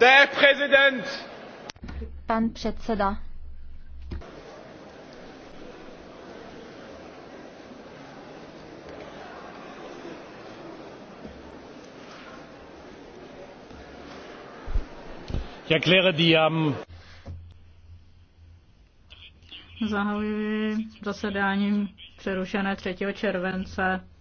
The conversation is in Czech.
Der Präsident. Pan předseda. Ich erkläre die am Zahajuji zasedání přerušené 3. července